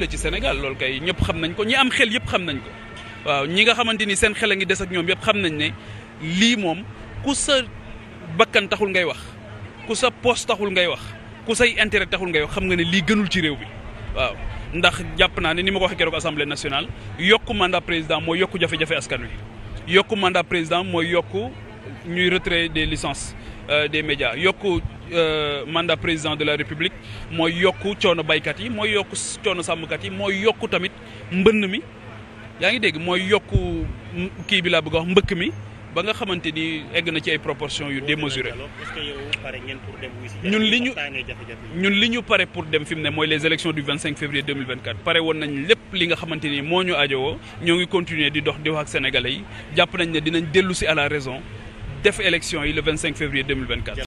la ci Sénégal loolu kay ñëpp xam nañ ko ñi am xel yépp xam nañ ko waaw ñi nga xamante ni seen xel a ngi des ak ñoom yëpp xam nañ ne lii moom ku sa bakkan taxul ngay wax ku sa poste taxul ngay wax ku say intérêt taxul ngay wax xam nga ne lii gënul ci réew bi waaw ndax jàpp naa ne ni ma ko waxee keroog assemblée nationale yokku mandat président mooy yokku jafe-jafe askan wi yokk mandat président mooy yokku. ñuy retrait des licences euh, des médias yokku euh, mandat président de la république mooy yokk coono baykat yi mooy yokku coono sàmmkat yi mooy yokku tamit mbënn mi yaa ngi dégg mooy yokk kii bi laa bëgg a wax mbëkk mi ba nga xamante ni egg na ci ay proportions yu démesurées ñun li ñu ñun li ñu pare pour dem fi mu ne mooy les élections du 25 février 2024 pare woon nañ lépp li nga xamante ni moo ñu ajowoo ñoo ngi continuer di dox di wax ak sénégalais yi jàpp nañ ne dinañ dellu si à la raison def élection yi le vingt cinq février deux mille vingt quatre